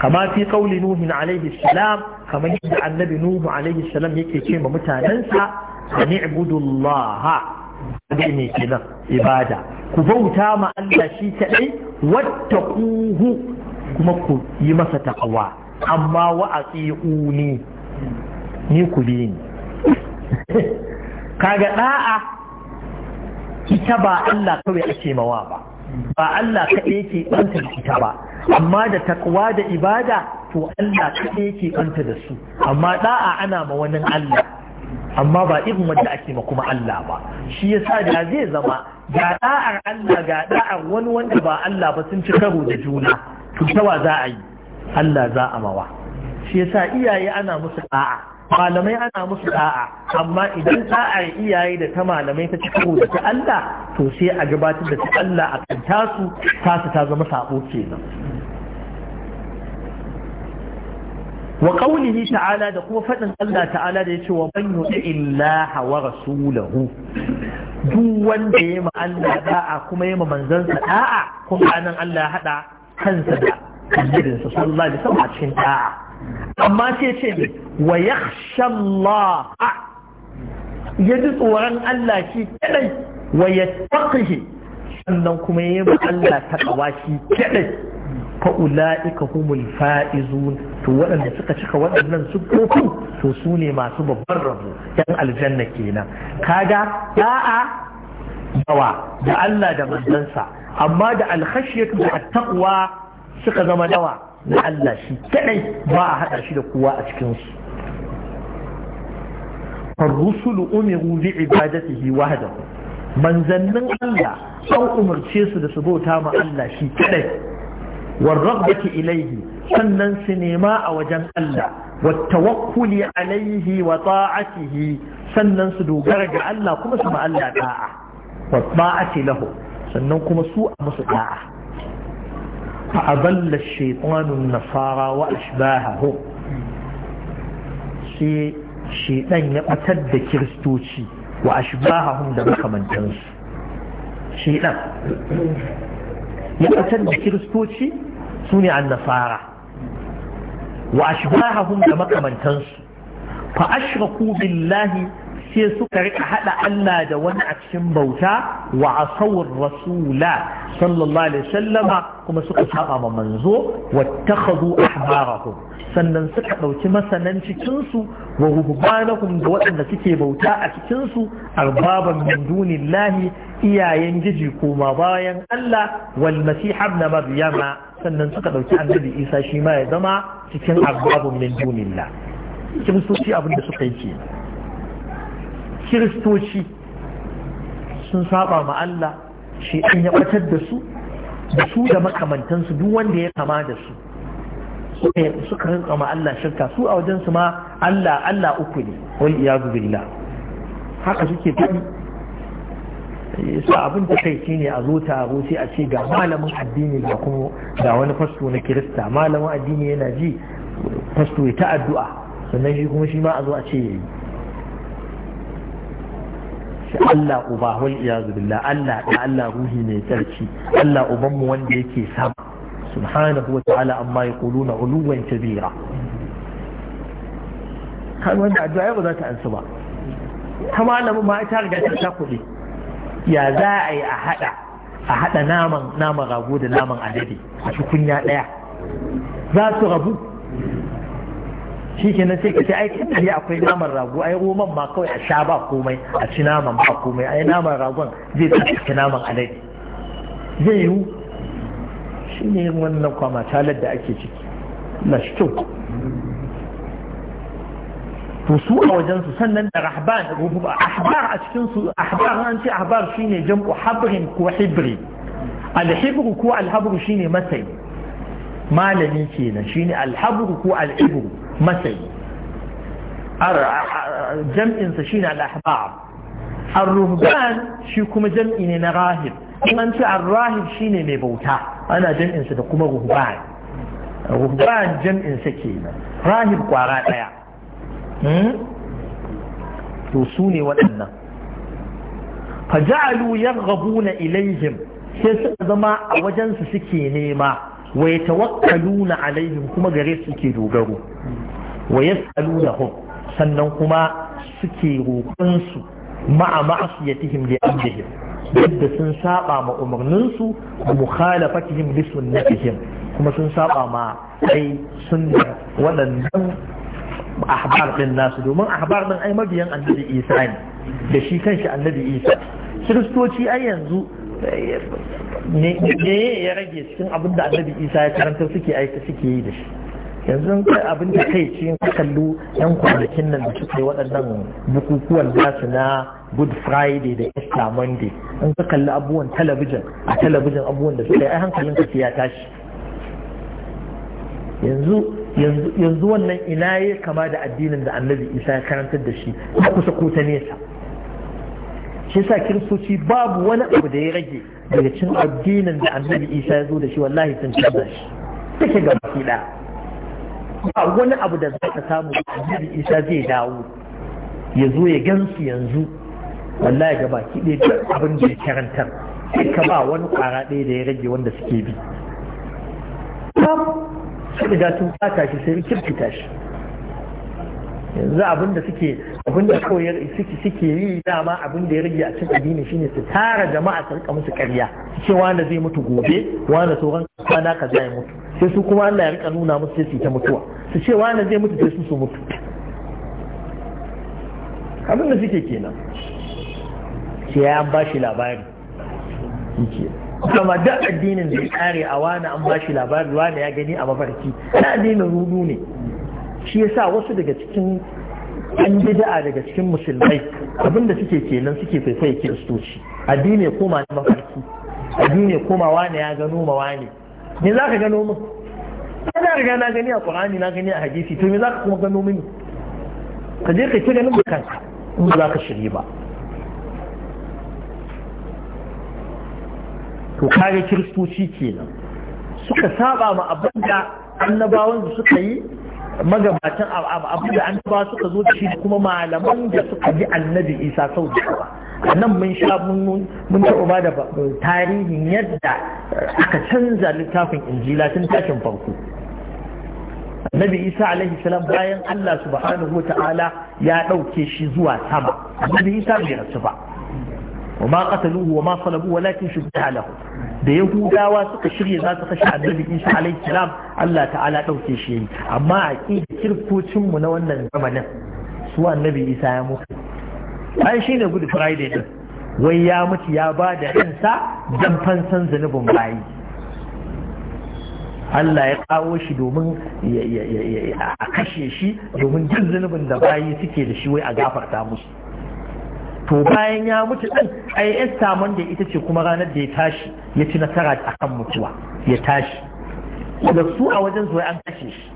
kama fi qauli nuhin alaihi salam kamar yadda annabi nuhu alaihi salam yake ce ma mutanansa ni'budullaha da ne kenan ibada ku bauta ma Allah shi kadai wattaquhu kuma ku yi masa taqwa amma wa atiuni ni ku bi ni <laughs> kaga da'a ita ba Allah kawai ake mawa ba ba Allah kaɗai yake ɓanta da ita ba amma da takwa da ibada to Allah kaɗai yake ɓanta da su amma ɗa'a ana ma wani Allah amma ba irin wanda ake ma kuma Allah ba shi yasa da zai zama ga ɗa'ar Allah ga ɗa'ar wani wanda ba Allah ba sun ci karo da juna to wa za a yi Allah za a mawa shi yasa iyaye ana musu ɗa'a malamai ana musu da'a amma idan ya iyaye da ta malamai ta ciko da ta Allah to sai a gabatar da ta Allah a kan tasu tasu ta zama sabo kenan wa qawlihi ta'ala da kuma fadin Allah ta'ala da yace wa man yuti illaha wa rasulahu duk wanda yayi ma Allah da'a kuma yayi ma sa da'a kuma anan Allah ya hada kansa da annabin sa sallallahu alaihi a cikin ta'a. amma sai ce ne wa yakhsha ya ji tsoron Allah shi kadai wa yattaqihi sannan kuma yayi ma Allah takawa shi kadai fa humul faizun to waɗanda suka cika waɗannan sukofi to su ne masu babban rabo yan aljanna kenan kaga da'a bawa da Allah da manzansa amma da alkhashiyatu da taqwa suka zama nawa na Allah shi kadai ba a hada shi da kowa a cikin su الرسل أمروا بعبادته وحده manzannin Allah an umarce su da su bauta ma Allah shi kadai warrabbati ilaihi sannan su nema a wajen Allah wattawakkuli alaihi wa ta'atihi sannan su dogara ga Allah kuma su ma Allah da'a wa ta'ati lahu sannan kuma su a musu da'a فأضل الشيطان النصارى وأشباههم شيء شيطان يقتد كريستوشي وأشباههم دمك من جنس شيطان يقتد كريستوشي سنع النصارى وأشباههم دمك من جنس فأشركوا بالله sai suka rika hada Allah da wani a cikin bauta wa asawar rasula sallallahu alaihi sallama kuma suka saba ma manzo wattakhadhu ahbarahum sannan suka dauki masanan cikin su wa ruhbanahum da waɗanda suke bauta a cikin su arbaban min dunillahi iyayen giji kuma bayan Allah wal masih ibn maryama sannan suka dauki annabi Isa shi ma ya zama cikin arbabun min dunillah kin abin da suka yi kenan kiristoci sun saba ma Allah shi ya batar da su da su da makamantansu duk wanda ya kama da su suka rinka ma Allah shirka su a wajensu ma Allah Allah uku ne wani iyazu billah haka suke faɗi eh, abin da kai ne a zo taro sai a ce ga malamin addini ga kuma ga wani fasto na kirista malamin addini yana ji fasto ya ta addu'a sannan shi kuma shi ma a zo a ce yayi ce Allah uba wal iyazu billah Allah da Allah ruhi mai tsarki Allah ubanmu wanda yake sama subhanahu wa ta'ala amma yaquluna uluwan kabira kan wanda addu'a ba za ta ansu ba ta malamin ma ita riga ta kuɗi ya za a yi a haɗa a haɗa naman naman rago da naman alade a tukunya ɗaya za su rabu shi ke nan sai ka ce aikin da akwai naman rago ai roman ma kawai a sha ba komai a ci naman ba komai ai naman ragon zai ta ci naman alai zai yi shi ne wannan kwama talar da ake ciki na shi to su a wajensu sannan da rahban ahbar a cikin su ahbar an ce ahbar shine jam'u habrin ko hibri alhibru ko alhabru shine matsayi malami kenan shine alhabru ko alhibru masai jam'insa shi ne al'ahbab al-ruhban shi kuma jam'i ne na rahib an ce al-rahib shi ne mai bauta ana jam'insa da kuma ruhban ruhban jam'insa ke nan rahib kwara ɗaya hmm? to su ne waɗannan rabu na ilaihim sai suka zama a wajensu suke nema wai wa yatawakkaluna Alayhim kuma gare suke dogaro wa yas'alunahum sannan kuma suke roƙon su ma'a ma'asiyatihim li da yadda sun saba ma umarnin su mukhalafatihim li sunnatihim kuma sun saba ma ai sunna waɗannan ahbar din nasu domin ahbar din ai mabiyan annabi Isa ne da shi kanshi annabi Isa kiristoci ai yanzu ne eh, ya rage cikin abin da annabi Isa ya karanta suke aika suke yi da shi yanzu kai abin da kai ce ka kallo yan kwanakin nan da suka yi waɗannan bukukuwan nasu na good friday da easter monday in ka kalli abubuwan talabijin a talabijin abubuwan da suka yi a hankalin ka ya tashi yanzu yanzu wannan ina ya kama da addinin da annabi isa ya karantar da shi ya kusa ko ta nesa shi sa kiristoci babu wani abu da ya rage daga cin addinin da annabi isa ya zo da shi wallahi sun canza shi take ga baki ba wani abu da za samu annabi isa zai dawo ya zo ya gansu yanzu wallahi ga baki ɗaya duk abin da ya karantar sai ka ba wani ƙwara ɗaya da ya rage wanda suke bi sun da sun fata shi sai kirkita shi yanzu abin da suke abin da kawai suke suke yi dama abin da ya rage a cikin addini shine su tara jama'a su rika musu ƙarya ce wanda zai mutu gobe wanda sauran kwana ka zai mutu sai su kuma Allah ya rika nuna musu sai su ta mutuwa su ce wanda zai mutu sai su su mutu abin da suke kenan ke ya an bashi labari kuma duk addinin da ya kare a wani an bashi labari wani ya gani a mafarki na addinin rudu ne shi ya sa wasu daga cikin an bid'a daga cikin musulmai abinda suke kenan suke faifai kiristoci addini koma na mafarki addini koma wane ya gano ma wane me za ka gano min ana riga na gani a qur'ani na gani a hadisi to me za ka kuma gano mini ka je ka ci ganin kanka in ba za ka shiri ba to kage kiristoci kenan suka saba ma abinda annabawan suka yi magabatan abu da an ba suka zo da shi kuma malaman da suka ji annabi isa sau da yawa a nan mun sha mun taɓa ba da tarihin yadda aka canza littafin injila tun tashin farko annabi isa alaihi salam bayan allah subhanahu ta'ala ya ɗauke shi zuwa sama annabi isa bai rasu ba wa ma qataluhu wa ma salabu walakin shubbiha lahu da yahudawa suka shirya za su kashe annabi isa alaihi salam Allah ta'ala ɗauke shi amma a ƙi kirkocin mu na wannan zamanin su annabi isa ya mutu ai shi ne good friday din wai ya mutu ya ba da ransa dan fansan zanubin bayi Allah ya kawo shi domin a kashe shi domin jin zunubin da bayi suke da shi wai a gafarta musu to bayan ya mutu ɗin ai esta da ita ce kuma ranar da ya tashi ya ci nasara akan mutuwa ya tashi da su a wajen zuwa an kashe shi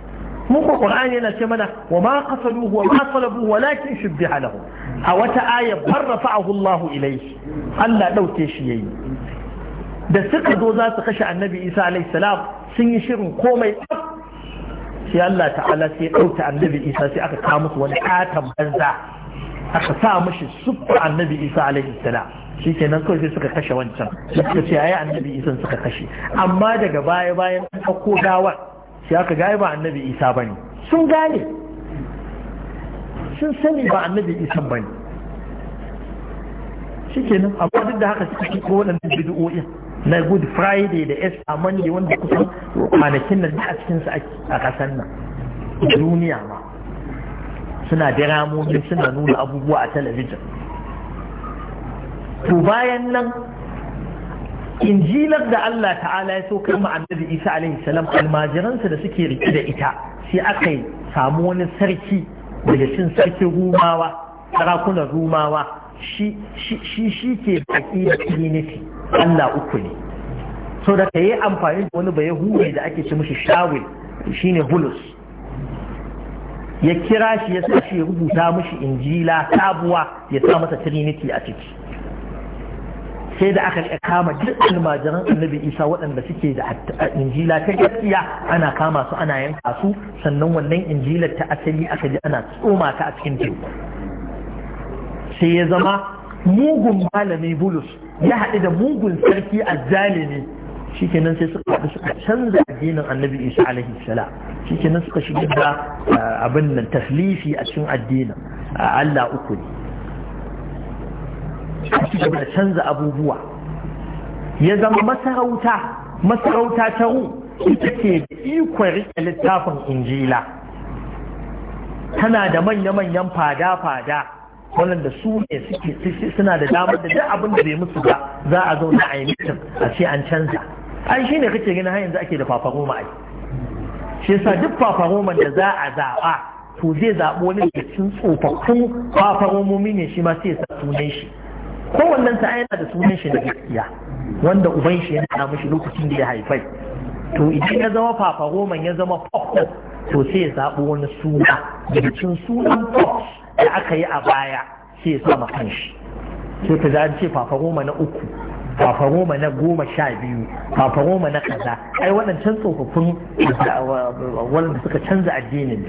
mun ko qur'ani yana ce mana wa ma qasaduhu wa ma salabuhu walakin shubbiha lahu a wata aya barrafa'ahu Allah ilayhi Allah dauke shi yayi da suka zo za su kashe annabi Isa alayhi salam sun yi shirin komai sai Allah ta'ala sai ya dauke annabi Isa sai aka kawo musu wani katon banza aka sa mashi suffa annabi isa alaihi salam shi nan kawai sai suka kashe wancan suka ce ayi annabi isa suka kashe amma daga baya bayan ko ɗauko gawar shi aka gaya ba annabi isa ba ne sun gane sun sani ba annabi isa ba ne shi nan amma duk da haka suka shiga waɗannan bidu'o'in na good friday da a monday wanda kusan kwanakin nan a cikinsa a ƙasar nan duniya ma suna diramomi suna nuna abubuwa a talabijin to bayan nan injilar da Allah ta'ala ya so kama annabi Isa alaihi salam almajiransa da suke rike da ita sai aka yi samu wani sarki daga cin sarki rumawa sarakunan rumawa shi shi ke baki da trinity Allah uku ne so da ka yi amfani da wani bayahudi da ake ci mishi shawil shine bulus ya kira shi ya sa shi ya rubuta mishi injila sabuwa ya sa masa trinity a ciki sai da aka kama dukkan almajiran annabi isa waɗanda suke da injila ta gaskiya ana kama su ana yanka su sannan wannan injilar ta asali aka ji ana tsoma ta a cikin teku sai ya zama mugun malami bulus ya haɗu da mugun sarki shi kenan sai suka haɗu suka canza addinin annabi isa alaihi salam shi ke nan suka shigar da eh, abin nan taslifi a cikin a Allah uku ne shi da canza abubuwa ya zama masarauta masarauta ta ru ita ke da ikon rike littafin injila tana da manya-manyan fada-fada wadanda su ne suke suna da damar da duk abin da bai musu ba za a zauna a yi mutum a ce an canza an shi ne kake gina har yanzu ake da fafaroma a shi yasa duk fafaroman da za a zaɓa to zai zaɓo wani da cikin tsofaffin fafaromomi ne shi ma sai sa sunan shi Ko wannan sa yana da sunan shi na gaskiya wanda uban shi yana mishi lokacin da ya haifai to idan ya zama fafaroman ya zama fof. to sai ya zaɓi wani suna da cikin sunan fox da aka yi a baya sai ya sa ma kanshi sai ka ji an ce fafaroma na uku fafaroma na goma sha biyu fafaroma na kaza ai waɗancan tsofaffin waɗanda suka canza addinin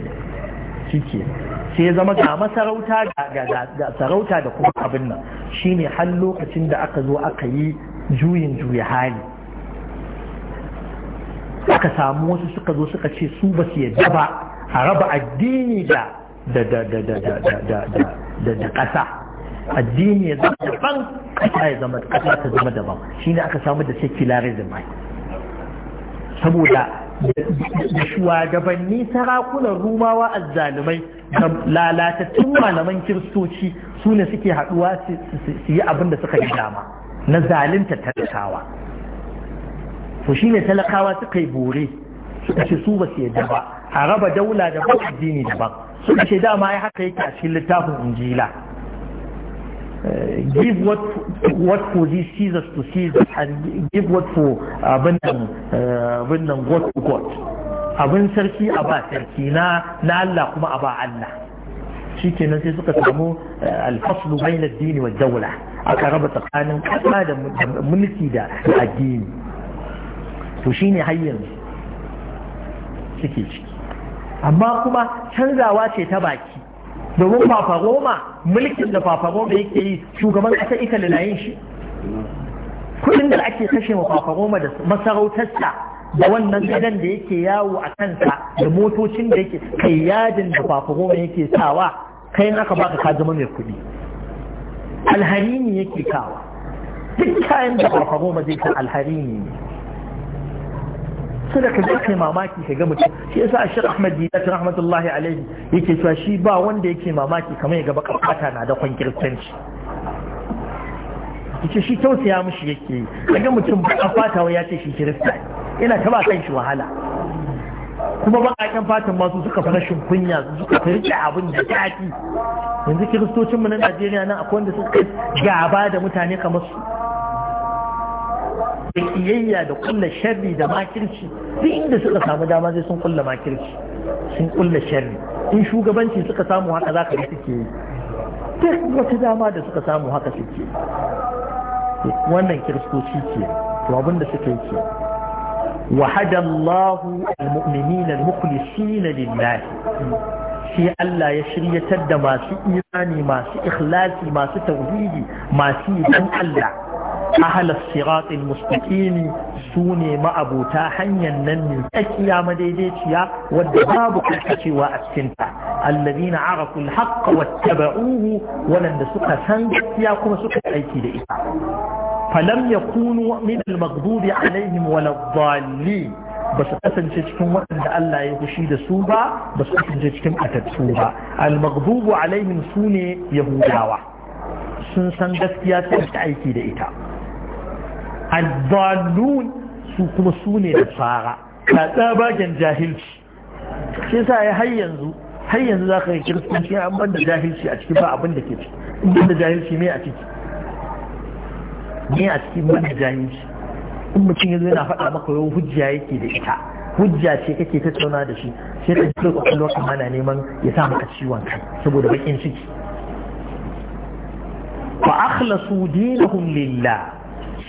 shi ke sai ya zama ga masarauta ga sarauta da kuma abin nan shine har lokacin da aka zo aka yi juyin juya hali aka samu wasu suka zo suka ce su ba su yadda ba a raba addini da da da da da da da da da ƙasa addini ya zama daban kasa ya zama kasa ta zama daban shine aka samu da secularism ai saboda da shugabanni sarakunan rumawa azzalumai da lalatattun malaman kiristoci su ne suke haɗuwa su yi abin da suka yi dama na zalunta talakawa to shine talakawa suka yi bore suka ce su ba su yadda ba a raba daula daban addini daban suka ce dama ai haka yake a cikin littafin injila Uh, give what what for to Caesar and give what for uh, uh, abin nan God to God abin sarki a ba sarki na na Allah kuma a ba Allah shi kenan sai suka samu alfaslu bain addini wa dawla aka raba tsakanin kasa da mulki da addini to shine har yanzu suke ciki amma kuma canzawa ce ta baki domin fafaroma mulkin da fafaroma yake yi shugaban ƙasar ita na shi kudin da ake kashe wa fafaroma da masarautarsa da wannan gadon da yake yawo a kansa da motocin da yake kai yadin da fafaroma yake sawa kai aka baka ka zama mai kuɗi alharini yake kawa duk kayan da fafaroma zai ta alharini ne kada ka kai mamaki ka ga mutum shi yasa ashir ahmad dinatin rahmatullahi alaihi yake cewa shi ba wanda yake mamaki kamar ya gaba kafata na da kwan kiristanci yace shi tausaya mishi yake yi mutum ba fata ya ce shi kirista yana ta ba kan shi wahala kuma baƙaƙen fatan masu suka fi rashin kunya suka fi abin da daɗi yanzu kiristocinmu na najeriya nan akwai wanda suka gaba da mutane kamar su da kiyayya da kulla sharri da makirci duk inda suka samu dama sai sun kulla makirci sun kulla sharri in shugabanci suka samu haka za ka yi suke yi duk wata dama da suka samu haka suke wannan kiristoci ke to abin da suka yi wahadallahu almu'minina almukhlisina lillahi shi Allah ya shiryatar da masu imani masu ikhlasi masu tauhidi masu yi Allah ahal sirat al-mustaqim su ne ma'abuta hanyar nan ne ta kiya madaidaiciya wadda babu kakkacewa a cikin ta alladina arafu al-haqq wa tabauhu walanda suka san gaskiya kuma suka aiki da ita falam yakunu min al-maghdubi alaihim wa al ba su kasance cikin waɗanda Allah ya fushi da su ba ba su kasance cikin atattu ba al-maghdubu alaihim su ne yahudawa sun san gaskiya sun aiki da ita addallun su kuma su ne da fara. ka tsabagen jahilci shi sa ya har yanzu har yanzu za ka yi kiristanci an ban da jahilci a ciki ba abin da ke ciki ban da jahilci mai a ciki mai a cikin ban da jahilci in mutum yanzu yana faɗa maka yau hujja yake da ita hujja ce kake tattauna da shi sai ka jiro kwakwalwar amana neman ya sa maka ciwon kai saboda bakin ciki fa akhlasu dinahum lillah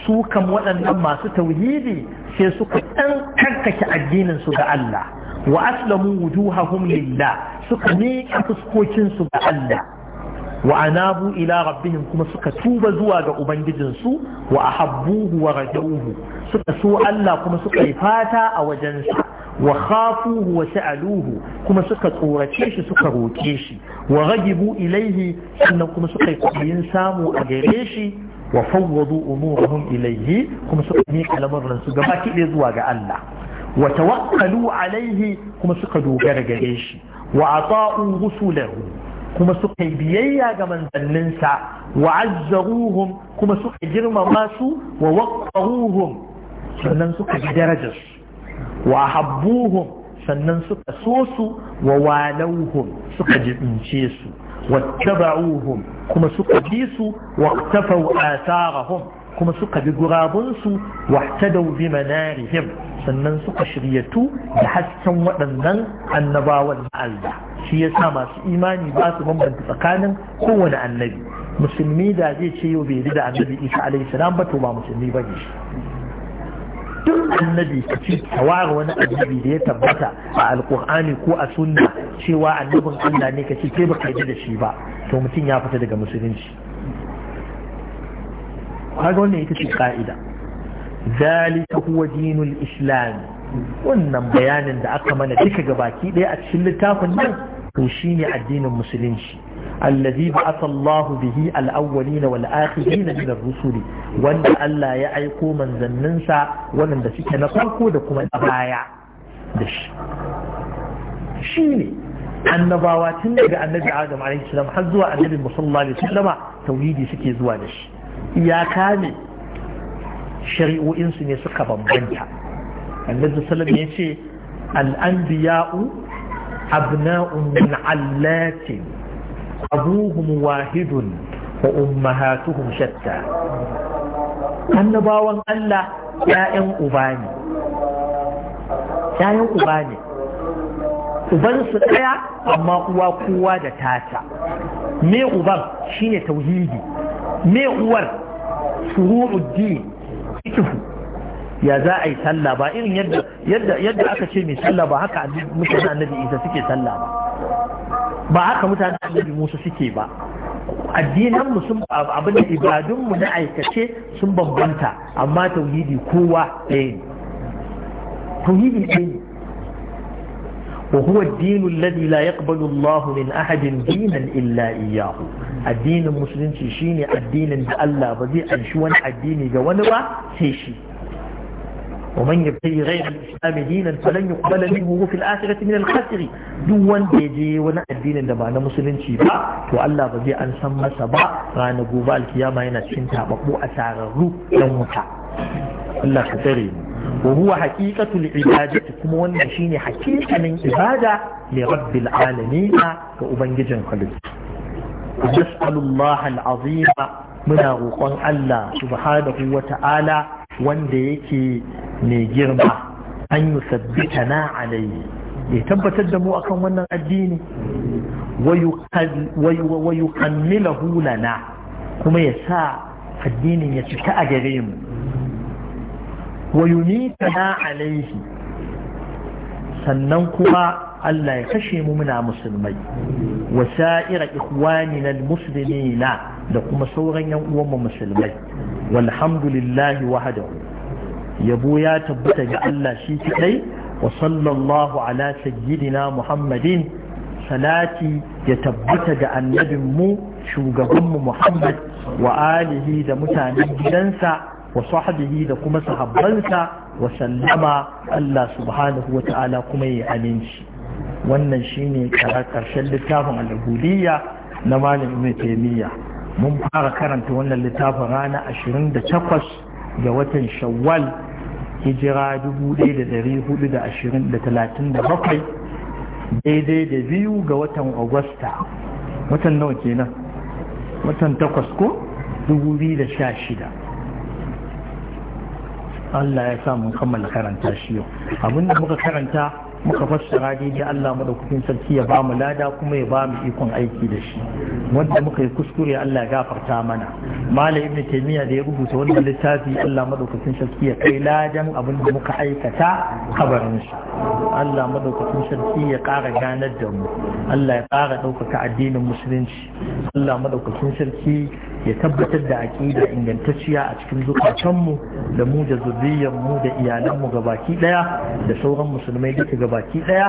su kan waɗannan masu tauhidi sai suka ɗan karkace addinin su ga Allah wa aslamu wujuhahum lillah suka miƙa fuskokinsu ga Allah wa anabu ila rabbihim kuma suka tuba zuwa ga Ubangijinsu. wa ahabbuhu wa rajauhu suka so Allah kuma suka yi fata a wajen wa khafuhu wa sa'aluhu kuma suka tsorace shi suka roke shi wa ragibu ilaihi sannan kuma suka yi kwaɗayin samu a gare shi wa fawwadu umurahum ilayhi kuma suka miƙa lamarin su gaba kiɗe zuwa ga Allah wa tawakkalu alaihi kuma suka dogara gare shi wa ata'u rusulahu kuma suka yi biyayya ga manzanninsa wa azzaruhum kuma suka girmama su wa waqaruhum sannan suka ji darajar su wa habbuhum sannan suka so su wa walauhum suka jibince su wattaba'uhum kuma suka bi su waqtafau atharahum kuma suka bi gurabunsu wahtadaw bi manarihim sannan suka shiryatu da hasken waɗannan annabawan na Allah shi sa masu imani ba su bambanta tsakanin kowane annabi musulmi da zai ce yau bai da annabi Isa alaihi salam ba to ba musulmi bane shi duk annabi ka ce ka wani annabi da ya tabbata a alkur'ani ko a sunna cewa annabin Allah ne ka ce baka yi da shi ba to mutum ya fita daga musulunci kaga wannan ita ce ka'ida zalika huwa dinul islam wannan bayanin da aka mana duka gabaki ɗaya a cikin littafin nan to shine addinin musulunci allazi ba'atha Allah bihi al na wal akhirina min ar-rusuli wanda Allah ya aiko manzanninsa wanda suke na farko da kuma baya dashi. shine annabawa tun daga annabi Adam alaihi salam har zuwa annabi sallallahu alaihi wasallam tauhidi suke zuwa dashi shi iyaka ne shari'o'insu ne suka bambanta annabi sallallahu alaihi wasallam yace al-anbiya'u abna'un min abuhum wahidun wa ummahatuhum shatta annabawan Allah ya'yan uba ne ya'yan uba ne su ɗaya amma uwa kowa da tata me uban shine tauhidi me uwar furu'uddin ikihu ya za a yi sallah ba irin yadda yadda yadda aka ce mai sallah ba haka mutane annabi isa suke sallah ba ba haka mutane annabi musa suke ba addinan mu sun abin da ibadun mu na aikace sun bambanta amma tauhidi kowa ɗaya ne tauhidi ɗaya ne وهو الدين الذي لا يقبل الله من أحد دينا إلا إياه الدين المسلم شيني الدين أن الله بذي أنشوان الدين جوانوا سيشي ومن yi غير الإسلام دينا فلن يقبل منه في الآخرة من الخسر دون بيجي ولا الدين da ba na musulunci ba to Allah ba zai an san masa ba ranar gobe alkiyama yana cikin tababbu a sararru dan wuta Allah ka tsare mu wa huwa haqiqatul ibadati kuma wannan shine haqiqanin ibada li rabbil alamin ga ubangijin halittu nas'alullaha al-azima muna rokon Allah subhanahu wa ta'ala wanda yake mai girma an yi sabbita na alayhi ya tabbatar da mu akan wannan addini wa hula hulana kuma ya sa addinin ya cika a gare mu wa yumita na alaihi sannan kuma Allah ya kashe mu muna musulmai wa sa'ira ikhwanina almuslimina da kuma sauran yan uwanmu musulmai walhamdulillahi wahdahu yabo ya tabbata ga Allah shi kadai wa sallallahu ala sayyidina muhammadin salati ya tabbata ga annabin mu shugaban mu muhammad wa alihi da mutanen gidansa wa sahbihi da kuma sahabbansa wa sallama Allah subhanahu wa ta'ala kuma ya aminci wannan shine karshen littafin al-hudiyya na malam ibn taymiya mun fara karanta wannan littafin rana 28 ga watan shawwal hijira 1437 daidai da biyu ga watan agusta watan nawa kenan watan takwas ko 2016 Allah ya samu kammala karanta shi yau abinda muka karanta muka fassara daidai Allah madaukakin sarki ya bamu lada kuma ya bamu ikon aiki da shi wanda muka yi kuskure Allah ya gafarta mana malam ibnu taymiya da ya rubuta wannan littafi Allah madaukakin sarki ya kai ladan abin da muka aikata kabarin shi Allah madaukakin sarki ya ƙara ganar da mu Allah ya ƙara ɗaukaka addinin musulunci Allah madaukakin sarki ya tabbatar da aƙida ingantacciya a cikin zukatanmu da mu da zuriyarmu da iyalanmu gabaki ɗaya da sauran musulmai duka gabaki ɗaya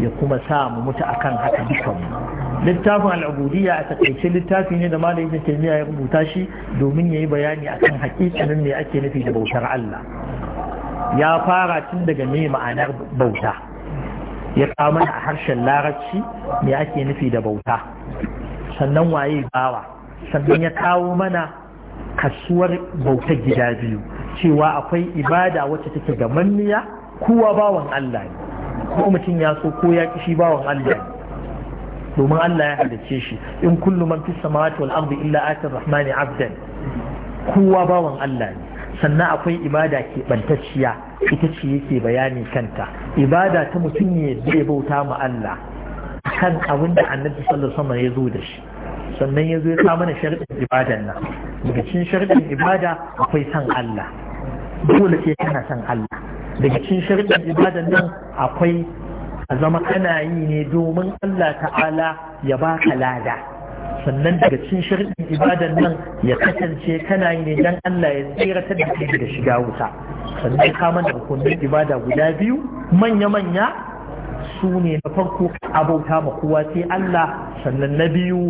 ya kuma sa mu mutu akan haka dukanmu littafin al'abudiyya a takaice littafi ne da malam ibn taymiya ya rubuta shi domin yayi bayani akan hakikanin me ake nufi da bautar Allah ya fara tun daga me ma'anar bauta ya kama a harshen larabci me ake nufi da bauta sannan waye bawa sannan ya kawo mana kasuwar bautar gida biyu cewa akwai ibada wacce take ga manniya kowa bawan Allah ne ko mutum ya so ko ya kishi bawan Allah ne domin Allah ya halicce shi in kullu man fi samawati wal ardi illa rahmani abdan kowa bawan Allah ne sannan akwai ibada ke bantacciya ita ce yake bayani kanta ibada ta mutum ne da ya bauta ma Allah kan abinda da annabi sallallahu alaihi wasallam ya zo da shi sannan ya zo ya sa mana sharɗin ibadan nan daga cikin sharɗin ibada akwai san Allah dole sai kana san Allah daga cikin sharɗin ibadan nan akwai a zama kana yi ne domin Allah ta'ala ya baka lada sannan daga cikin sharɗin ibadan nan ya kasance kana yi ne dan Allah ya tsiratar da kai daga shiga wuta sannan ka mana hukumin ibada guda biyu manya-manya su ne na farko abauta ma kowa sai Allah sannan na biyu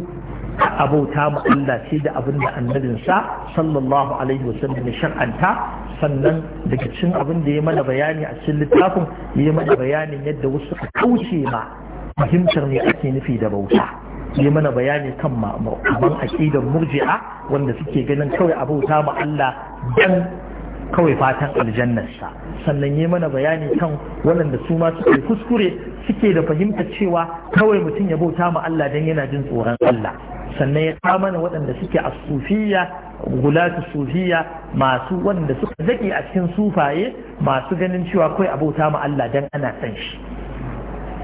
abauta ma Allah ce da abin da annabinsa sallallahu alaihi wasallam ya shar'anta sannan daga cikin abin da ya mana bayani a cikin littafin ya mana bayanin yadda wasu kauce ma fahimtar ne ake nufi da bauta ya mana bayani kan ma'aman aqidar murji'a wanda suke ganin kawai abauta ma Allah dan kawai fatan sa sannan yi mana bayani kan waɗanda su ma suke kuskure suke da fahimtar cewa kawai mutum ya bauta ma Allah dan yana jin tsoron Allah sannan ya kamana waɗanda suke a sufiya gulatu sufiya masu waɗanda suka zaki a cikin sufaye masu ganin cewa kai abota ma Allah dan ana san shi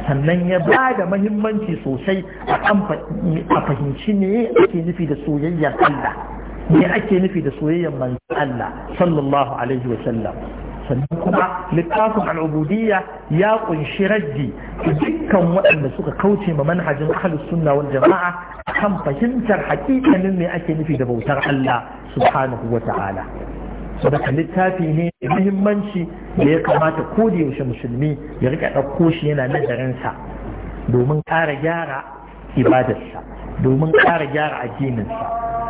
sannan ya ba da mahimmanci sosai a fahimci ne ake nufi da soyayyar Allah ne ake nufi da soyayyar manzon Allah sallallahu alaihi wa sallam sannan kuma littafin al'ubudiyya ya kunshi raddi dukkan waɗanda suka kauce ma manhajin ahlus sunna wal jama'a kan fahimtar hakikanin me ake nufi da bautar Allah subhanahu wa ta'ala saboda littafi ne muhimmanci da ya kamata ko da yaushe musulmi ya rika ɗauko shi yana nazarin sa domin ƙara gyara ibadarsa domin ƙara gyara addininsa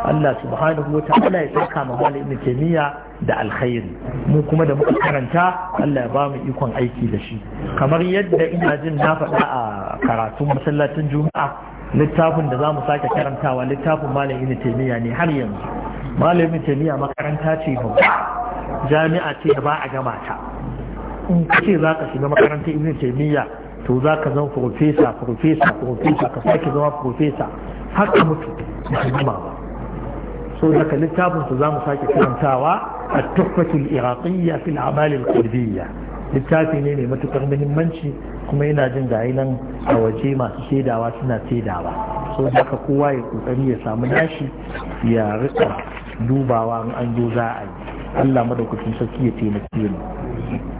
Allah subhanahu wa ta'ala ya saka ma malamin kimiyya da alkhairi mu kuma da muka karanta Allah ya ba mu ikon aiki da shi kamar yadda ina jin na faɗa a karatun masallacin juma'a littafin da za mu sake karantawa littafin malam ibn taymiya ne har yanzu malam ibn taymiya makaranta ce babba jami'a ce da ba a gama ta in kace za ka shiga makarantar ibn taymiya to za ka zama profesa profesa profesa ka sake zama profesa haka mutu ba gama ba so daga littafin su zamu sake karantawa a tuhfatu iraqiyya fi al-a'mal littafi ne mai matukar muhimmanci kuma yana jin gayi nan a waje masu shaidawa suna shaidawa so daga kowa ya kokari ya samu nashi ya rika dubawa an zo za a yi Allah madaukakin sarki ya taimake mu